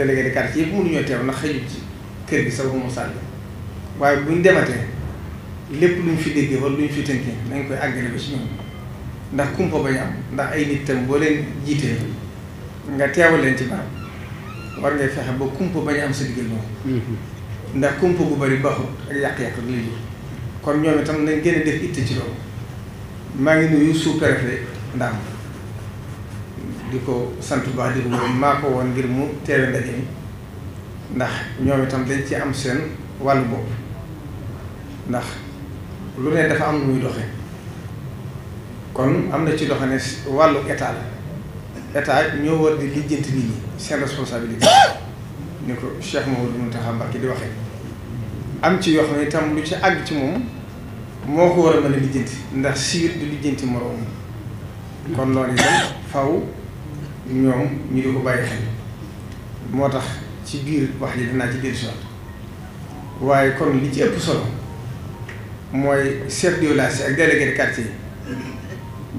délégué de quartier yëpp ñoo teew ndax xëyut ci kër gi sax ba mu sàll waaye buñ dematee lépp luñ fi déggee wala luñ fi tënkee nañ koy àggale ba ci ñoom ndax kumpa bañ am ndax ay nit tam boo nga teewal leen ci barab war ngay fexe ba kumpa bañ am sa diggal moom mm-hmm. ndax kumpa bu bari baaxut ak yàq-yàq la lay kon ñoom itam nañ gën a def itte ci loolu maa ngi nuyu sous-préfet Ndam di ko sant bu baax di ko maa ko woon ngir mu teewe ndaje ndax ñoom itam dañ ci am seen wàllu bopp ndax lu ne dafa am lu muy doxe kon am na ci doxe ne wàllu état la état ñoo war di lijjanti nit ñi seen responsabilité ni ko Cheikh Mamadou Mountakha Mbacké di waxee am ci yoo xam itam lu ci àgg ci moom moo ko war a mën a lijjanti ndax siir di lijjanti moroom kon loolu itam faw ñoom ñu di ko bàyyi xel moo tax ci biir wax ji dinaa ci biir si waaye kon li ci ëpp solo mooy chef de village ak délégué quartier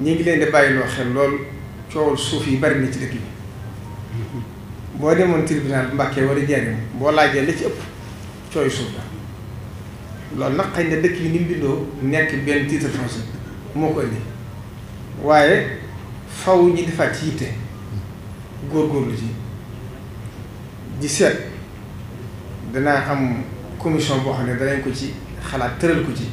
ñu ngi leen di bàyyiloo xel lool coowul suuf yi bari na ci dëkk boo demoon tribunal Mbàkke wala Njaaréem boo laajee li ci ëpp cooy suuf nag xëy na dëkk yi ni mu nekk benn titre foncier moo ko indi waaye faw ñi defaat ci góor góorlu ci di seet danaa am commission boo xam ne danañ ko ci xalaat tëral ko ci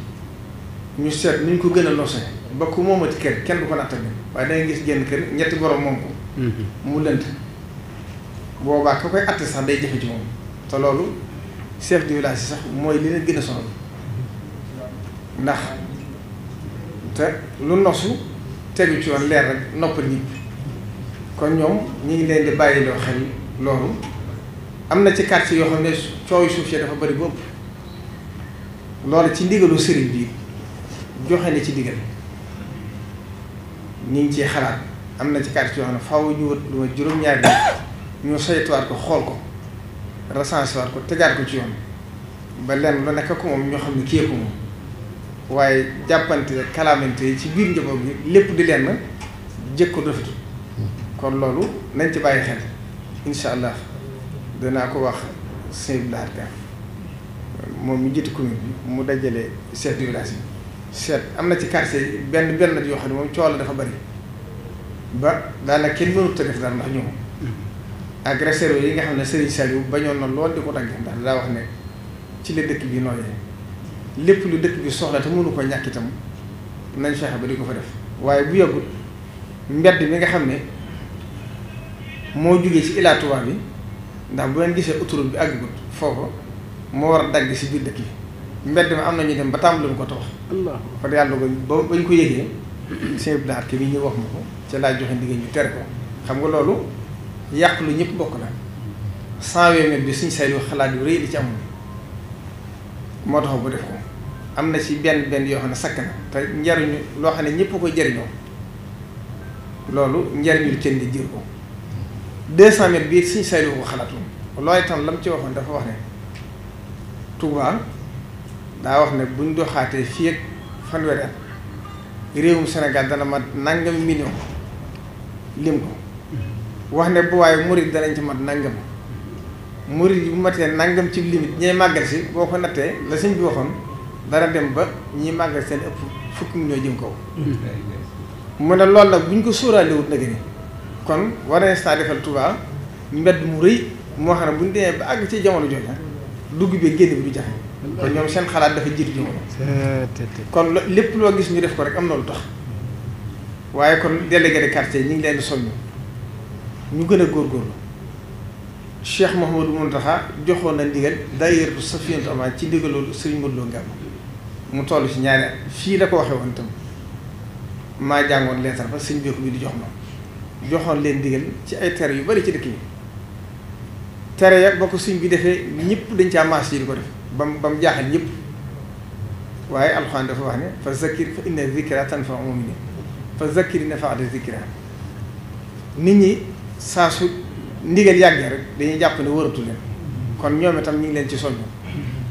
ñu seet ni ñu ko gën a noose ba ku moomati kër kenn du ko natt bi waaye dangay gis génn kër ñetti borom moom ko mm-hmm. mu lënt boobaa ko koy atte sax day jafe ci moom te loolu chef du village sax mooy li gën a sonal ndax te lu nosu tegu ci woon leer rek noppal ñi kon ñoom ñu ngi leen di bàyyi loo xel loolu am na ci quartier yoo xam ne coow suuf si dafa bëri bu loolu ci ndigalu sëriñ bi joxe na ci ndigal ñu ngi ciy xalaat am na ci quartier yoo xam ne faaw ñu wët lu ma juróom-ñaari ñu saytuwaat ko xool ko recensé ko tegaat ko ci yoon ba lenn lu nekk ko moom ñoo xam ne kii ko moom waaye jàppante kalaamante yi ci biir njaboot bi lépp di lenn jëkk ko dofatu kon loolu nañ ci bàyyi xel incha allah danaa ko wax sëñ bi laaj moom mi jiite commune mu dajale chef de village yi seet am na ci quartier yi benn benn yoo xam ne moom coow la dafa bari ba daanaka kenn mënut a def dara ndax ñoom agresseur yi nga xam ne Serigne Saliou bañoon na lool di ko dagg ndax daa wax ne ci la dëkk bi nooyee lépp lu dëkk bi soxla te mënu ko ñàkk itam nañ fexe ba di ko fa def waaye bu yàggul mbedd mi nga xam ne. moo jugee ci Ila Touba bi ndax bu ngeen gisee autoroute bi àggagut foofu moo war a dagg si biir dëkk yi mbedd mi am na ñu dem ba tàmbali ko tax. waaw kon yàlla ba ba ñu ko yëgee. sëñ Bilaat bi ñu wax ma ko ca laa joxe ndigal ñu tere xam nga loolu yàq ñëpp bokk na. cent bi suñ say wax xalaat yu rëy di ci amul moo tax bu def ko am na ci benn benn yoo xam ne sakk na te njariñu loo xam ne ñëpp ko jariñoo loolu njariñu kenn di jër ko. deux cent mètres bii suñ saytu ko xalaatoon loolu itam la mu ci waxoon dafa wax ne Touba daa wax ne buñ doxaatee fii ak fanweeri at réewum Sénégal dana mat nangam million lim ko wax ne bu waaye murit danañ ci mat nangam murit yi bu matee nangam ci limite ñee màggal boo ko nattee la sëñ bi waxoon dara dem ba ñi màggal seen ëpp fukki million jëm kaw. Mm-hmm. mu ne loolu nag buñ ko sóoraale wut nag ni kon war naa defal Touba mbedd mu rëy moo xam ne bu ñu demee ba àgg ci jamono jooja dugg bi génn bi du jafe kon ñoom seen xalaat dafa jiitu jamono kon lépp loo gis ñu def ko rek am na lu tax waaye kon délégué de quartier ñu ngi leen di soññ ñu gën a góor góorgóorlu Cheikh Mouhamadou Mountakha joxoon na ndigal d'ailleurs bu Safinatoul Amaan ci ndigaloolu Serigne Modou Lo Ngam mu toll ci ñaari at fii la ko waxee woon itam maa jàngoon leetar ba sëñ bi bi di jox ma joxoon leen digal ci ay tere yu bari ci dëkk yi tere ya ba suñ bi defee ñëpp dañ ci maas yi di ko def ba mu ba mu jaaxal ñëpp waaye alxuraan dafa wax ne fa zakkir fa inna zikra tanfa'u mu'minin fa zakkir nafa'at zikra nit ñi saa su ndigal yàggee rek dañuy jàpp ne wëratu kon ñoom itam ñu ngi leen ci soññ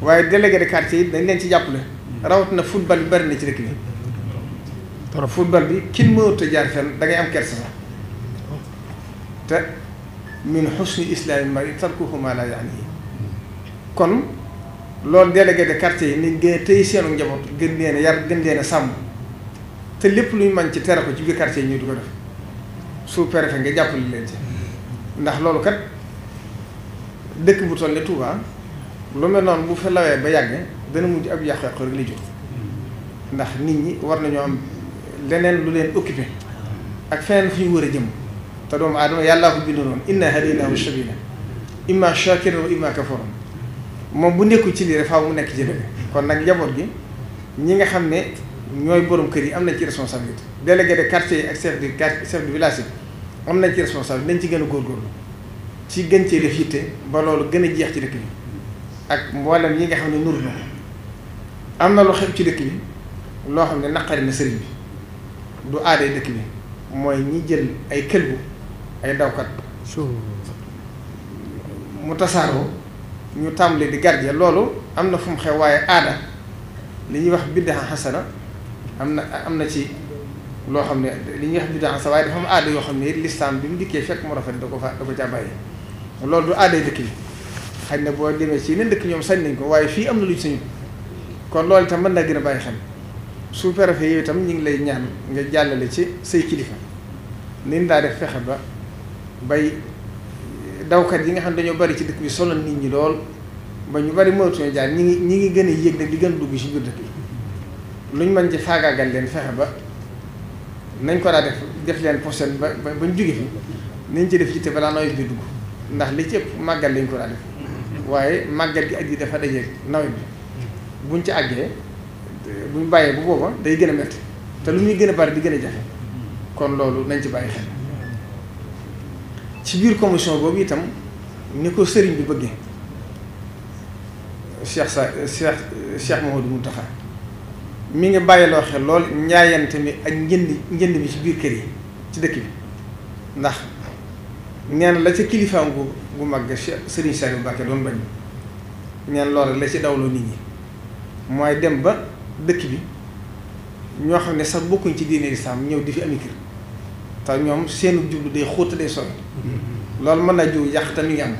waaye délégué de quartier yi dañ leen ci jàppale rawatina football bi bari na ci dëkk bi. trop football bi kin mënut a jaar fenn da ngay am kersa sax te min xusni islaami mari tarkuhu ma la yaanihi kon loolu délégué de quartier yi ni gën a seenu njaboot gën leen yar gën leen sàmm te lépp luñ man ci tere ko ci biir quartier yi ñu di ko def sous-préfet nga jàppale leen ci ndax loolu kat dëkk bu toll ne Touba lu mel noonu bu fa lawee ba yàgg dana mujj ab yàqu-yàqu rek ndax nit ñi war nañoo am leneen lu leen occupé ak feneen fu ñu war a jëm te doomu aadama yàllaa ko bind noonu inna hadaynaahu sabila imma shakiran wa imma kafura moom bu nekkul ci lii rek faaw mu nekk ci dëgg kon nag njaboot gi ñi nga xam ne ñooy borom kër yi am na ci responsabilité délégué de quartier yi ak chef de quartier chef de village yi am na ci responsabilité nañ ci gën a góorgóorlu ci gën cee def yitte ba loolu gën a jeex ci dëkk bi ak mboolem yi nga xam ne nur na ko am na lu xew ci dëkk bi loo xam ne naqari na sëriñ bi du aaday dëkk bi mooy ñi jël ay këlbu ay dawkat mu tasaaroo ñu tàmbali di garje loolu am na fu mu xew waaye aada li ñuy wax biddaa xasana am na am na ci loo xam ne li ñu wax biddaa xasana waaye dafa am aada yoo xam ne lislaam bi mu dikkee fekk mu rafet da ko fa da ko caa bàyyi loolu du aaday dëkk bi xaj na boo demee ci yeneen dëkk ñoom sañ nañ ko waaye fii am na lu ñu sañu kon loolu itam mën naa gën a bàyyi xel sous-préfet yooyu itam ñu ngi lay ñaan nga jàllale ci say kilifa ni daa fexe ba bay dawkat yi nga xam dañoo bari ci dëkk bi solo nit ñi lool ba ñu bari mënatuñu jaar ñi ngi ñi ngi gën a yéeg nag di gën a dugg ci biir dëkk bi ci faagaagal fexe ba nañ ko daa def def leen prochaine ba ba bañ jóge nañ ci def yitte balaa nawet bi dugg ndax li ci ëpp màggal lañ ko daa def waaye màggal gi at yi dafa dajeeg nawet bi buñ ci àggee buñ bàyyee bu booba day gën a métti te lu muy gën a bari di gën a jafe kon loolu nañ ci bàyyi xel. ci biir commission boobu itam ni ko sëriñ bi bëggee Cheikh sa Cheikh Cheikh Mamadou Moustapha mi ngi bàyyiloo xel lool njaayante mi ak njënd njënd mi ci biir kër yi ci dëkk bi ndax neen la ca kilifaam gu gu mag sëriñ Saliou Mbacké doon bañ neen loolu la ci dawloo nit ñi mooy dem ba dëkk bi ñoo xam ne sax bokkuñ ci diine lislaam ñëw di fi ami kër te ñoom seen jublu day xóota day sori loolu mën naa jiw yàq te mi ngi am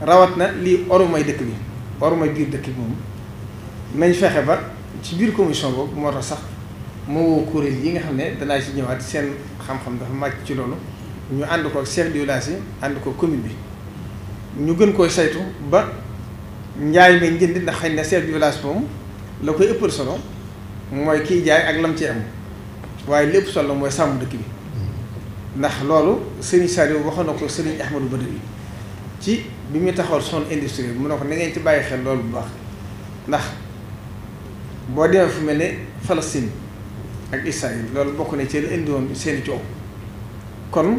rawat na lii orumay dëkk bi orumay biir dëkk bi moom nañ fexe ba ci biir commission boobu moo tax sax moo kuréel yi nga xam ne danaa ci ñëwaat seen xam dafa màcc ci loolu ñu ànd ko ak chef de village yi ànd ko commune bi ñu gën koy saytu ba njaay ma njënd ndax xëy na chef de moom la koy ëppal solo mooy kii jaay ak lam ci am waaye lépp solo mooy sàmm dëkk bi ndax loolu Serigne Saliou waxoon na ko Serigne Ahmadou Badawi ci bi muy taxawal son industrie mu ne ko na ngeen ci bàyyi xel loolu bu baax ndax boo demee fu mel ne Palestine ak Israël loolu bokk na ci lu indi woon seen coow kon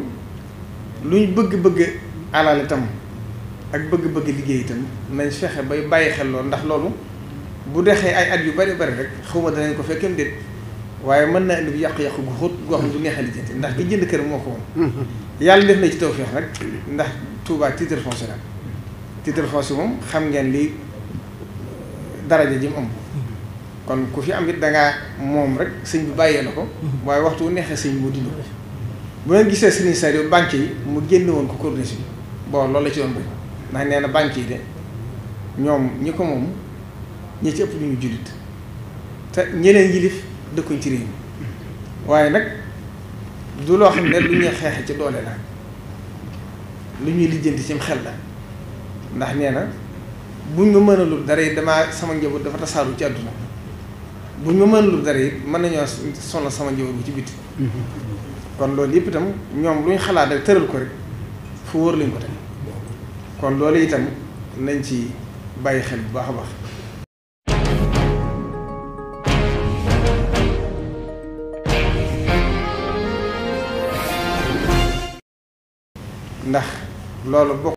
luñ bëgg-bëgg alal itam ak bëgg-bëgg liggéey itam nañ fexe bay bàyyi xel loolu ndax loolu bu dexee ay at yu bari bari rek xawma danañ ko fekkee déet waaye mën naa indi yàqu-yàqu gu xóot goo xam ne du neex a lijjanti ndax ki jënd kër moo ko woon hmm. yàlla def na ci feex nag ndax Touba titre foncier la titre si moom xam ngeen li daraja ji mu am kon ku fi am it dangaa moom rek sëñ bi bàyyee na ko hmm. waaye waxtu wu neexee sëñ moo dund ko bu ngeen gisee sëriñ Saliou banque yi mu génnewoon ko corniche bi bon loolu la ci doon bëgg ndax nee na banque yi de ñoom ñi ko moom ñi ci ëpp ñu ñu jullit te ñeneen yilif dëkkuñ ci réew mi waaye nag du loo xam ne lu ñuy xeexe ci doole la lu ñuy lijjanti cim xel la ndax nee na buñ ma mënalul dara it damaa sama njaboot dafa tasaaru ci àdduna buñ ma mënalul dara it mën nañoo sonal sama njaboot bu ci biti kon loolu yëpp itam ñoom lu ñu xalaat rek tëral ko rek fu wóor lañ ko teg kon loolu itam nañ ci bàyyi xel bu baax a baax ndax loolu bokk